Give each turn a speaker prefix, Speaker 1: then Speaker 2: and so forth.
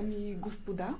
Speaker 1: дами и господа!